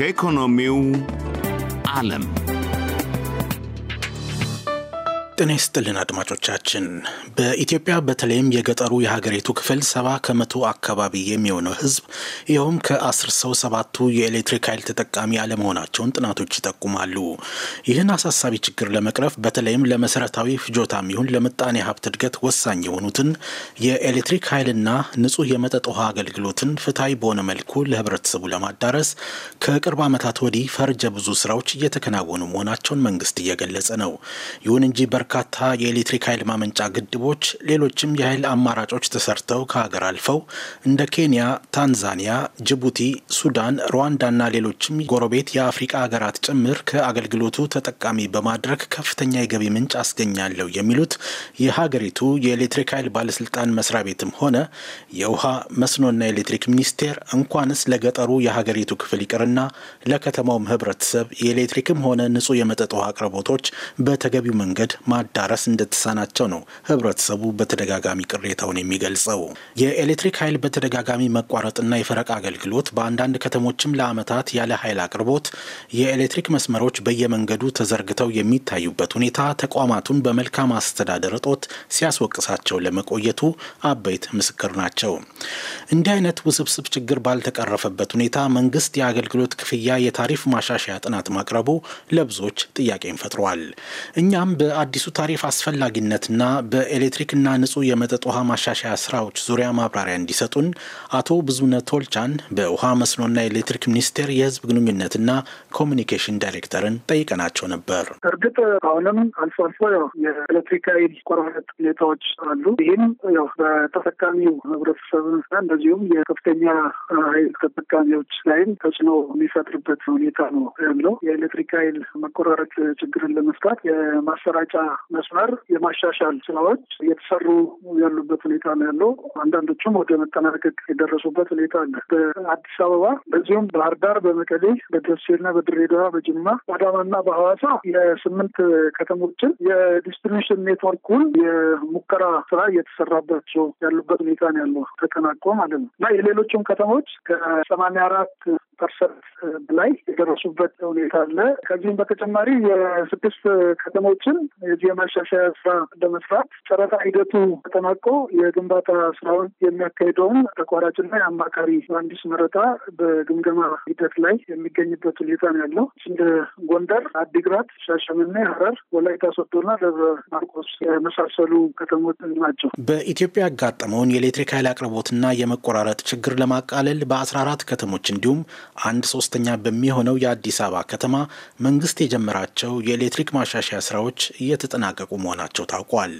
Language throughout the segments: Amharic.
ከኢኮኖሚው ዓለም ጤና ይስጥልን አድማጮቻችን። በኢትዮጵያ በተለይም የገጠሩ የሀገሪቱ ክፍል ሰባ ከመቶ አካባቢ የሚሆነው ሕዝብ ይኸውም ከአስር ሰው ሰባቱ የኤሌክትሪክ ኃይል ተጠቃሚ አለመሆናቸውን ጥናቶች ይጠቁማሉ። ይህን አሳሳቢ ችግር ለመቅረፍ በተለይም ለመሰረታዊ ፍጆታ የሚሆን ለምጣኔ ሀብት እድገት ወሳኝ የሆኑትን የኤሌክትሪክ ኃይልና ንጹህ የመጠጥ ውሃ አገልግሎትን ፍትሐዊ በሆነ መልኩ ለህብረተሰቡ ለማዳረስ ከቅርብ ዓመታት ወዲህ ፈርጀ ብዙ ስራዎች እየተከናወኑ መሆናቸውን መንግስት እየገለጸ ነው። ይሁን እንጂ በርካታ የኤሌክትሪክ ኃይል ማመንጫ ግድቦች፣ ሌሎችም የኃይል አማራጮች ተሰርተው ከሀገር አልፈው እንደ ኬንያ፣ ታንዛኒያ፣ ጅቡቲ፣ ሱዳን፣ ሩዋንዳና ሌሎችም ጎረቤት የአፍሪቃ ሀገራት ጭምር ከአገልግሎቱ ተጠቃሚ በማድረግ ከፍተኛ የገቢ ምንጭ አስገኛለሁ የሚሉት የሀገሪቱ የኤሌክትሪክ ኃይል ባለስልጣን መስሪያ ቤትም ሆነ የውሃ መስኖና ኤሌክትሪክ ሚኒስቴር እንኳንስ ለገጠሩ የሀገሪቱ ክፍል ይቅርና ለከተማውም ህብረተሰብ የኤሌክትሪክም ሆነ ንጹህ የመጠጥ ውሃ አቅርቦቶች በተገቢው መንገድ ማ ማዳረስ እንደተሳናቸው ነው ህብረተሰቡ በተደጋጋሚ ቅሬታውን የሚገልጸው። የኤሌክትሪክ ኃይል በተደጋጋሚ መቋረጥና የፈረቃ አገልግሎት በአንዳንድ ከተሞችም ለአመታት ያለ ኃይል አቅርቦት የኤሌክትሪክ መስመሮች በየመንገዱ ተዘርግተው የሚታዩበት ሁኔታ ተቋማቱን በመልካም አስተዳደር እጦት ሲያስወቅሳቸው ለመቆየቱ አበይት ምስክር ናቸው። እንዲህ አይነት ውስብስብ ችግር ባልተቀረፈበት ሁኔታ መንግስት የአገልግሎት ክፍያ የታሪፍ ማሻሻያ ጥናት ማቅረቡ ለብዙዎች ጥያቄን ፈጥሯል። እኛም በአዲሱ ታሪፍ አስፈላጊነትና በኤሌክትሪክና ንጹህ የመጠጥ ውሃ ማሻሻያ ስራዎች ዙሪያ ማብራሪያ እንዲሰጡን አቶ ብዙነ ቶልቻን በውሃ መስኖና ኤሌክትሪክ ሚኒስቴር የህዝብ ግንኙነትና ኮሚኒኬሽን ዳይሬክተርን ጠይቀናቸው ነበር። እርግጥ አሁንም አልፎ አልፎ የኤሌክትሪክ ኃይል ቆራረጥ ሁኔታዎች አሉ። ይህም ያው በተጠቃሚው ህብረተሰብና እንደዚሁም የከፍተኛ ኃይል ተጠቃሚዎች ላይም ተጽዕኖ የሚፈጥርበት ሁኔታ ነው ያለው። የኤሌክትሪክ ኃይል መቆራረጥ ችግርን ለመፍታት የማሰራጫ መስመር የማሻሻል ስራዎች እየተሰሩ ያሉበት ሁኔታ ነው ያለው። አንዳንዶቹም ወደ መጠናቀቅ የደረሱበት ሁኔታ አለ። በአዲስ አበባ በዚሁም ባህር ዳር፣ በመቀሌ፣ በደሴና በድሬዳዋ፣ በጅማ፣ በአዳማና በሐዋሳ የስምንት ከተሞችን የዲስትሪቢሽን ኔትወርኩን የሙከራ ስራ እየተሰራባቸው ያሉበት ሁኔታ ነው ያለው ተጠናቆ ማለት ነው እና የሌሎችም ከተሞች ከሰማንያ አራት ፐርሰንት በላይ የደረሱበት ሁኔታ አለ። ከዚህም በተጨማሪ የስድስት ከተሞችን የዚህ የማሻሻያ ስራ ለመስራት ጨረታ ሂደቱ ተጠናቆ የግንባታ ስራውን የሚያካሂደውን ተቋራጭና የአማካሪ መሀንዲስ መረጣ በግምገማ ሂደት ላይ የሚገኝበት ሁኔታ ነው ያለው። እንደ ጎንደር፣ አዲግራት፣ ሻሸመኔ፣ ሀረር፣ ወላይታ ሶዶና ደብረ ማርቆስ የመሳሰሉ ከተሞች ናቸው። በኢትዮጵያ ያጋጠመውን የኤሌክትሪክ ኃይል አቅርቦትና የመቆራረጥ ችግር ለማቃለል በአስራ አራት ከተሞች እንዲሁም አንድ ሶስተኛ በሚሆነው የአዲስ አበባ ከተማ መንግስት የጀመራቸው የኤሌክትሪክ ማሻሻያ ስራዎች እየተጠናቀቁ መሆናቸው ታውቋል።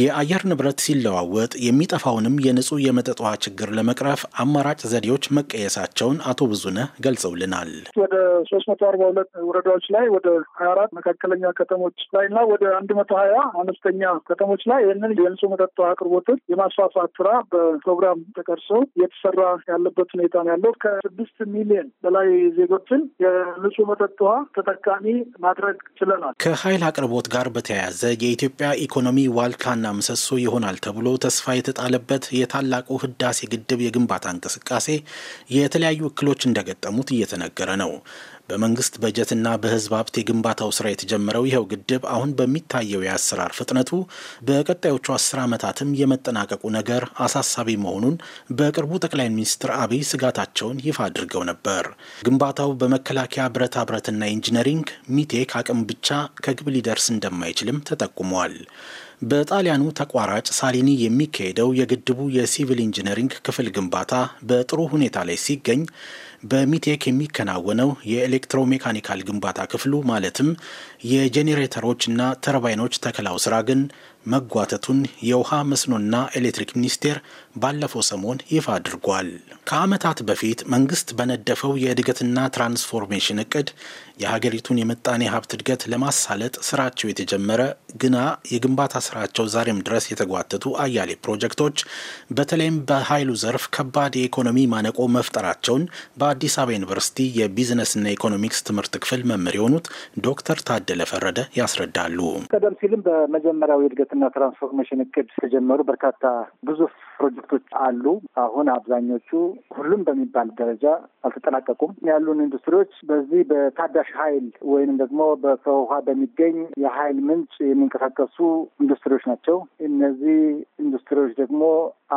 የአየር ንብረት ሲለዋወጥ የሚጠፋውንም የንጹህ የመጠጥ ውሃ ችግር ለመቅረፍ አማራጭ ዘዴዎች መቀየሳቸውን አቶ ብዙነህ ገልጸውልናል። ወደ ሶስት መቶ አርባ ሁለት ወረዳዎች ላይ ወደ ሀያ አራት መካከለኛ ከተሞች ላይ እና ወደ አንድ መቶ ሀያ አነስተኛ ከተሞች ላይ ይህንን የንጹህ መጠጥ ውሃ አቅርቦትን የማስፋፋት ስራ በፕሮግራም ተቀርሶ እየተሰራ ያለበት ሁኔታ ነው ያለው ከስድስት ሚሊዮን ሚሊዮን በላይ ዜጎችን የንጹህ መጠጥ ውሃ ተጠቃሚ ማድረግ ችለናል። ከኃይል አቅርቦት ጋር በተያያዘ የኢትዮጵያ ኢኮኖሚ ዋልታና ምሰሶ ይሆናል ተብሎ ተስፋ የተጣለበት የታላቁ ህዳሴ ግድብ የግንባታ እንቅስቃሴ የተለያዩ እክሎች እንደገጠሙት እየተነገረ ነው። በመንግስት በጀትና በህዝብ ሀብት የግንባታው ስራ የተጀመረው ይኸው ግድብ አሁን በሚታየው የአሰራር ፍጥነቱ በቀጣዮቹ አስር ዓመታትም የመጠናቀቁ ነገር አሳሳቢ መሆኑን በቅርቡ ጠቅላይ ሚኒስትር አብይ ስጋታቸውን ይፋ አድርገው ነበር። ግንባታው በመከላከያ ብረታ ብረትና ኢንጂነሪንግ ሚቴክ አቅም ብቻ ከግብ ሊደርስ እንደማይችልም ተጠቁሟል። በጣሊያኑ ተቋራጭ ሳሊኒ የሚካሄደው የግድቡ የሲቪል ኢንጂነሪንግ ክፍል ግንባታ በጥሩ ሁኔታ ላይ ሲገኝ በሚቴክ የሚከናወነው የኤሌክትሮሜካኒካል ግንባታ ክፍሉ ማለትም የጄኔሬተሮችና ተርባይኖች ተከላው ስራ ግን መጓተቱን የውሃ መስኖና ኤሌክትሪክ ሚኒስቴር ባለፈው ሰሞን ይፋ አድርጓል። ከዓመታት በፊት መንግስት በነደፈው የእድገትና ትራንስፎርሜሽን እቅድ የሀገሪቱን የምጣኔ ሀብት እድገት ለማሳለጥ ስራቸው የተጀመረ ግና የግንባታ ስራቸው ዛሬም ድረስ የተጓተቱ አያሌ ፕሮጀክቶች በተለይም በኃይሉ ዘርፍ ከባድ የኢኮኖሚ ማነቆ መፍጠራቸውን በአዲስ አበባ ዩኒቨርሲቲ የቢዝነስና ኢኮኖሚክስ ትምህርት ክፍል መምህር የሆኑት ዶክተር ታደለ ፈረደ ያስረዳሉ። ቀደም ሲልም በመጀመሪያው የእድገት እድገትና ትራንስፎርሜሽን እቅድ ተጀመሩ በርካታ ግዙፍ ፕሮጀክቶች አሉ። አሁን አብዛኞቹ ሁሉም በሚባል ደረጃ አልተጠናቀቁም። ያሉን ኢንዱስትሪዎች በዚህ በታዳሽ ኃይል ወይንም ደግሞ በከውሃ በሚገኝ የኃይል ምንጭ የሚንቀሳቀሱ ኢንዱስትሪዎች ናቸው። እነዚህ ኢንዱስትሪዎች ደግሞ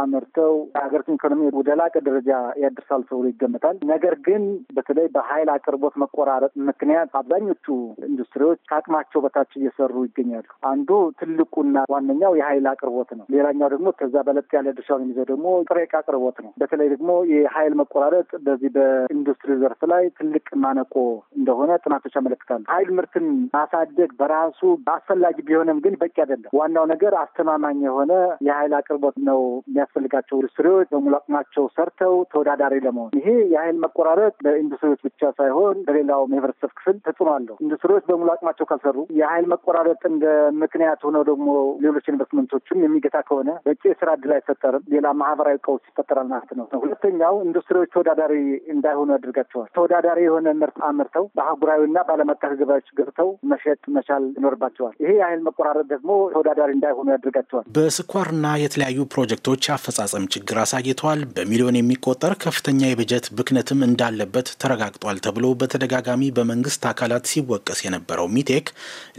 አምርተው ሀገሪቱን ኢኮኖሚ ወደ ላቀ ደረጃ ያደርሳል ተብሎ ይገመታል። ነገር ግን በተለይ በኃይል አቅርቦት መቆራረጥ ምክንያት አብዛኞቹ ኢንዱስትሪዎች ከአቅማቸው በታች እየሰሩ ይገኛሉ። አንዱ ትልቁና ዋነኛው የኃይል አቅርቦት ነው። ሌላኛው ደግሞ ከዛ በለጥ ያለ ድርሻ ብቻውን የሚይዘው ደግሞ ጥሬ ዕቃ አቅርቦት ነው። በተለይ ደግሞ የኃይል መቆራረጥ በዚህ በኢንዱስትሪ ዘርፍ ላይ ትልቅ ማነቆ እንደሆነ ጥናቶች ያመለክታሉ። ኃይል ምርትን ማሳደግ በራሱ አስፈላጊ ቢሆንም ግን በቂ አይደለም። ዋናው ነገር አስተማማኝ የሆነ የኃይል አቅርቦት ነው የሚያስፈልጋቸው ኢንዱስትሪዎች በሙሉ አቅማቸው ሰርተው ተወዳዳሪ ለመሆን። ይሄ የኃይል መቆራረጥ በኢንዱስትሪዎች ብቻ ሳይሆን በሌላው የህብረተሰብ ክፍል ተጽዕኖ አለው። ኢንዱስትሪዎች በሙሉ አቅማቸው ካልሰሩ የኃይል መቆራረጥ እንደ ምክንያት ሆነው ደግሞ ሌሎች ኢንቨስትመንቶችም የሚገታ ከሆነ በቂ የስራ እድል አይፈጠርም። ሌላ ማህበራዊ ቀውስ ይፈጠራል ማለት ነው። ሁለተኛው ኢንዱስትሪዎች ተወዳዳሪ እንዳይሆኑ ያደርጋቸዋል። ተወዳዳሪ የሆነ ምርት አምርተው በአህጉራዊና በዓለም አቀፍ ገበያዎች ገብተው መሸጥ መቻል ይኖርባቸዋል። ይሄ የኃይል መቆራረጥ ደግሞ ተወዳዳሪ እንዳይሆኑ ያደርጋቸዋል። በስኳርና የተለያዩ ፕሮጀክቶች አፈጻጸም ችግር አሳይተዋል። በሚሊዮን የሚቆጠር ከፍተኛ የበጀት ብክነትም እንዳለበት ተረጋግጧል ተብሎ በተደጋጋሚ በመንግስት አካላት ሲወቀስ የነበረው ሚቴክ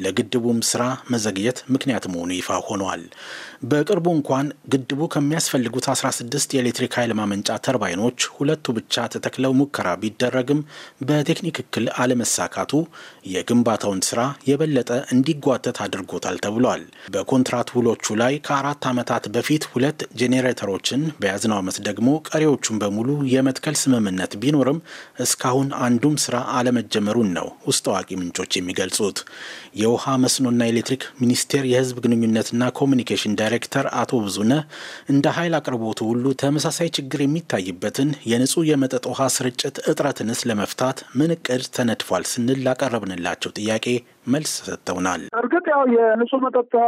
ለግድቡም ስራ መዘግየት ምክንያት መሆኑ ይፋ ሆኗል። በቅርቡ እንኳን ግድቡ ከሚያስ የሚያስፈልጉት 16 የኤሌክትሪክ ኃይል ማመንጫ ተርባይኖች ሁለቱ ብቻ ተተክለው ሙከራ ቢደረግም በቴክኒክ እክል አለመሳካቱ የግንባታውን ስራ የበለጠ እንዲጓተት አድርጎታል ተብሏል። በኮንትራት ውሎቹ ላይ ከአራት ዓመታት በፊት ሁለት ጄኔሬተሮችን በያዝነው ዓመት ደግሞ ቀሪዎቹን በሙሉ የመትከል ስምምነት ቢኖርም እስካሁን አንዱም ስራ አለመጀመሩን ነው ውስጥ አዋቂ ምንጮች የሚገልጹት። የውሃ መስኖና ኤሌክትሪክ ሚኒስቴር የህዝብ ግንኙነትና ኮሚኒኬሽን ዳይሬክተር አቶ ብዙነ እንደ የኃይል አቅርቦቱ ሁሉ ተመሳሳይ ችግር የሚታይበትን የንጹህ የመጠጥ ውሃ ስርጭት እጥረትንስ ለመፍታት ምን እቅድ ተነድፏል ስንል ላቀረብንላቸው ጥያቄ መልስ ሰጥተውናል። ያው የንጹህ መጠጥ ውሃ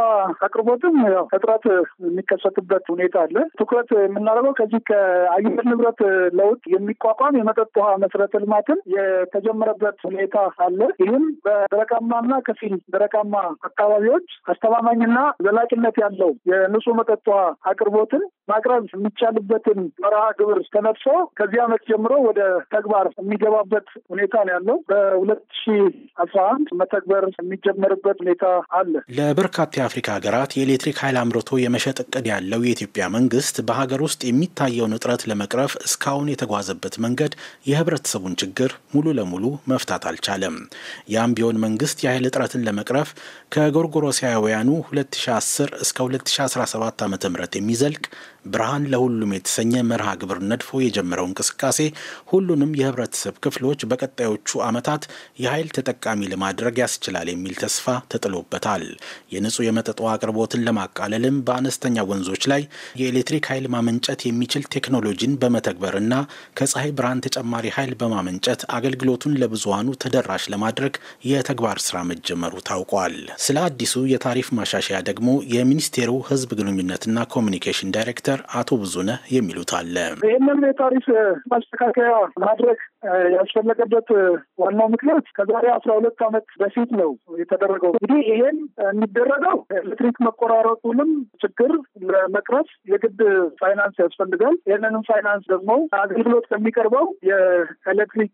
አቅርቦትም ያው እጥረት የሚከሰትበት ሁኔታ አለ። ትኩረት የምናደርገው ከዚህ ከአየር ንብረት ለውጥ የሚቋቋም የመጠጥ ውሃ መሰረተ ልማትን የተጀመረበት ሁኔታ አለ። ይህም በደረቃማና ከፊል ደረቃማ አካባቢዎች አስተማማኝና ዘላቂነት ያለው የንጹህ መጠጥ ውሃ አቅርቦትን ማቅረብ የሚቻልበትን መርሃ ግብር ተነድፎ ከዚህ ዓመት ጀምሮ ወደ ተግባር የሚገባበት ሁኔታ ነው ያለው። በሁለት ሺ አስራ አንድ መተግበር የሚጀመርበት ሁኔታ አለ። ለበርካታ የአፍሪካ ሀገራት የኤሌክትሪክ ኃይል አምርቶ የመሸጥ እቅድ ያለው የኢትዮጵያ መንግስት በሀገር ውስጥ የሚታየውን እጥረት ለመቅረፍ እስካሁን የተጓዘበት መንገድ የህብረተሰቡን ችግር ሙሉ ለሙሉ መፍታት አልቻለም። ያም ቢሆን መንግስት የኃይል እጥረትን ለመቅረፍ ከጎርጎሮሳውያኑ 2010 እስከ 2017 ዓ ም የሚዘልቅ ብርሃን ለሁሉም የተሰኘ መርሃ ግብር ነድፎ የጀመረው እንቅስቃሴ ሁሉንም የህብረተሰብ ክፍሎች በቀጣዮቹ ዓመታት የኃይል ተጠቃሚ ለማድረግ ያስችላል የሚል ተስፋ ተጥሎበታል። ይገኙበታል። የንጹህ የመጠጥ ውሃ አቅርቦትን ለማቃለልም በአነስተኛ ወንዞች ላይ የኤሌክትሪክ ኃይል ማመንጨት የሚችል ቴክኖሎጂን በመተግበርና ከፀሐይ ብርሃን ተጨማሪ ኃይል በማመንጨት አገልግሎቱን ለብዙሃኑ ተደራሽ ለማድረግ የተግባር ስራ መጀመሩ ታውቋል። ስለ አዲሱ የታሪፍ ማሻሻያ ደግሞ የሚኒስቴሩ ህዝብ ግንኙነትና ኮሚኒኬሽን ዳይሬክተር አቶ ብዙነህ የሚሉት አለ። ይህንን የታሪፍ ማስተካከያ ማድረግ ያስፈለገበት ዋናው ምክንያት ከዛሬ አስራ ሁለት ዓመት በፊት ነው የተደረገው። እንግዲህ ይሄን ላይ የሚደረገው ኤሌክትሪክ መቆራረጡንም ችግር ለመቅረፍ የግድ ፋይናንስ ያስፈልጋል። ይህንንም ፋይናንስ ደግሞ አገልግሎት ከሚቀርበው የኤሌክትሪክ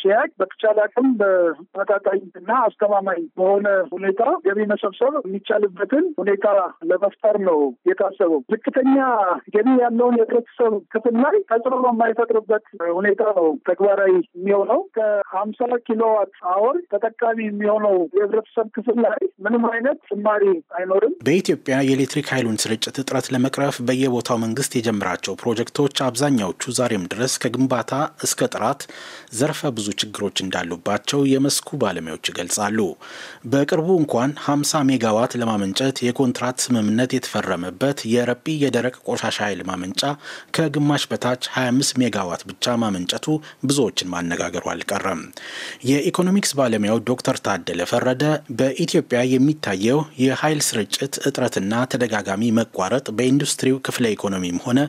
ሽያጭ በተቻለ አቅም በመጣጣኝ እና አስተማማኝ በሆነ ሁኔታ ገቢ መሰብሰብ የሚቻልበትን ሁኔታ ለመፍጠር ነው የታሰበው። ዝቅተኛ ገቢ ያለውን የህብረተሰብ ክፍል ላይ ተጽዕኖ የማይፈጥርበት ሁኔታ ነው ተግባራዊ የሚሆነው። ከሀምሳ ኪሎዋት አወር ተጠቃሚ የሚሆነው የህብረተሰብ ክፍል ላይ ምንም አይነት ጭማሪ አይኖርም። በኢትዮጵያ የኤሌክትሪክ ኃይሉን ስርጭት እጥረት ለመቅረፍ በየቦታው መንግስት የጀመራቸው ፕሮጀክቶች አብዛኛዎቹ ዛሬም ድረስ ከግንባታ እስከ ጥራት ዘርፈ ብዙ ችግሮች እንዳሉባቸው የመስኩ ባለሙያዎች ይገልጻሉ። በቅርቡ እንኳን 50 ሜጋዋት ለማመንጨት የኮንትራት ስምምነት የተፈረመበት የረጲ የደረቅ ቆሻሻ ኃይል ማመንጫ ከግማሽ በታች 25 ሜጋዋት ብቻ ማመንጨቱ ብዙዎችን ማነጋገሩ አልቀረም። የኢኮኖሚክስ ባለሙያው ዶክተር ታደለ ፈረደ በኢትዮጵያ የሚታየው የኃይል ስርጭት እጥረትና ተደጋጋሚ መቋረጥ በኢንዱስትሪው ክፍለ ኢኮኖሚም ሆነ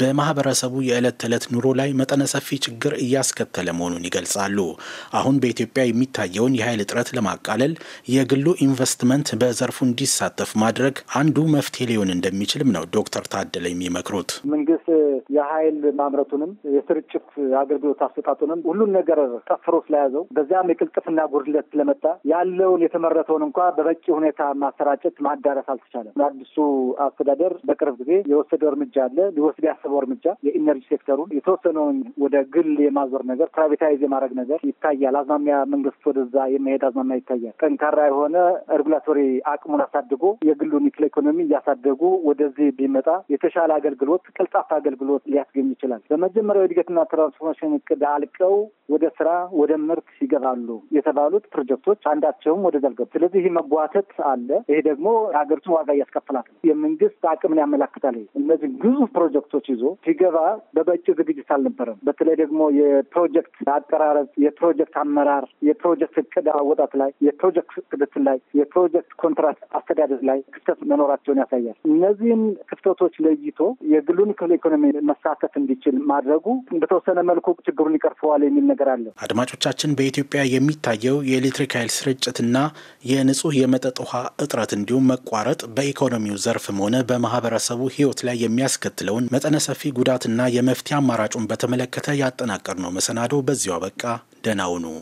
በማህበረሰቡ የዕለት ተዕለት ኑሮ ላይ መጠነ ሰፊ ችግር እያስከተለ መሆኑን ይገልጻሉ። አሁን በኢትዮጵያ የሚታየውን የኃይል እጥረት ለማቃለል የግሉ ኢንቨስትመንት በዘርፉ እንዲሳተፍ ማድረግ አንዱ መፍትሄ ሊሆን እንደሚችልም ነው ዶክተር ታደለ የሚመክሩት። መንግስት የኃይል ማምረቱንም የስርጭት አገልግሎት አሰጣጡንም ሁሉን ነገር ጠፍሮ ስለያዘው በዚያም የቅልጥፍና ጉድለት ስለመጣ ያለውን የተመረተውን እንኳ በበቂ በቂ ሁኔታ ማሰራጨት፣ ማዳረስ አልተቻለም። አዲሱ አስተዳደር በቅርብ ጊዜ የወሰደው እርምጃ አለ ሊወስድ ያሰበው እርምጃ የኢነርጂ ሴክተሩን የተወሰነውን ወደ ግል የማዞር ነገር፣ ፕራይቬታይዝ የማድረግ ነገር ይታያል። አዝማሚያ መንግስት ወደዛ የመሄድ አዝማሚያ ይታያል። ጠንካራ የሆነ ሬጉላቶሪ አቅሙን አሳድጎ የግሉን ክፍለ ኢኮኖሚ እያሳደጉ ወደዚህ ቢመጣ የተሻለ አገልግሎት፣ ቀልጣፋ አገልግሎት ሊያስገኝ ይችላል። በመጀመሪያው እድገትና ትራንስፎርሜሽን እቅድ አልቀው ወደ ስራ ወደ ምርት ይገባሉ የተባሉት ፕሮጀክቶች አንዳቸውም ወደዛ አልገቡ። ስለዚህ ይህ መጓተት አለ። ይሄ ደግሞ ሀገሪቱን ዋጋ እያስከፍላት ነው። የመንግስት አቅምን ያመላክታል። እነዚህ ግዙፍ ፕሮጀክቶች ይዞ ሲገባ በበቂ ዝግጅት አልነበረም። በተለይ ደግሞ የፕሮጀክት አቀራረጽ፣ የፕሮጀክት አመራር፣ የፕሮጀክት እቅድ አወጣት ላይ፣ የፕሮጀክት ክትትል ላይ፣ የፕሮጀክት ኮንትራክት አስተዳደር ላይ ክፍተት መኖራቸውን ያሳያል። እነዚህን ክፍተቶች ለይቶ የግሉን ክፍለ ኢኮኖሚ መሳተፍ እንዲችል ማድረጉ በተወሰነ መልኩ ችግሩን ይቀርፈዋል የሚል ነገር አለ። አድማጮቻችን፣ በኢትዮጵያ የሚታየው የኤሌክትሪክ ኃይል ስርጭትና የንጹህ የመ የመጠጥ ውሃ እጥረት እንዲሁም መቋረጥ በኢኮኖሚው ዘርፍም ሆነ በማህበረሰቡ ሕይወት ላይ የሚያስከትለውን መጠነ ሰፊ ጉዳትና የመፍትሄ አማራጩን በተመለከተ ነው መሰናዶ በዚሁ አበቃ። ደህና ሁኑ።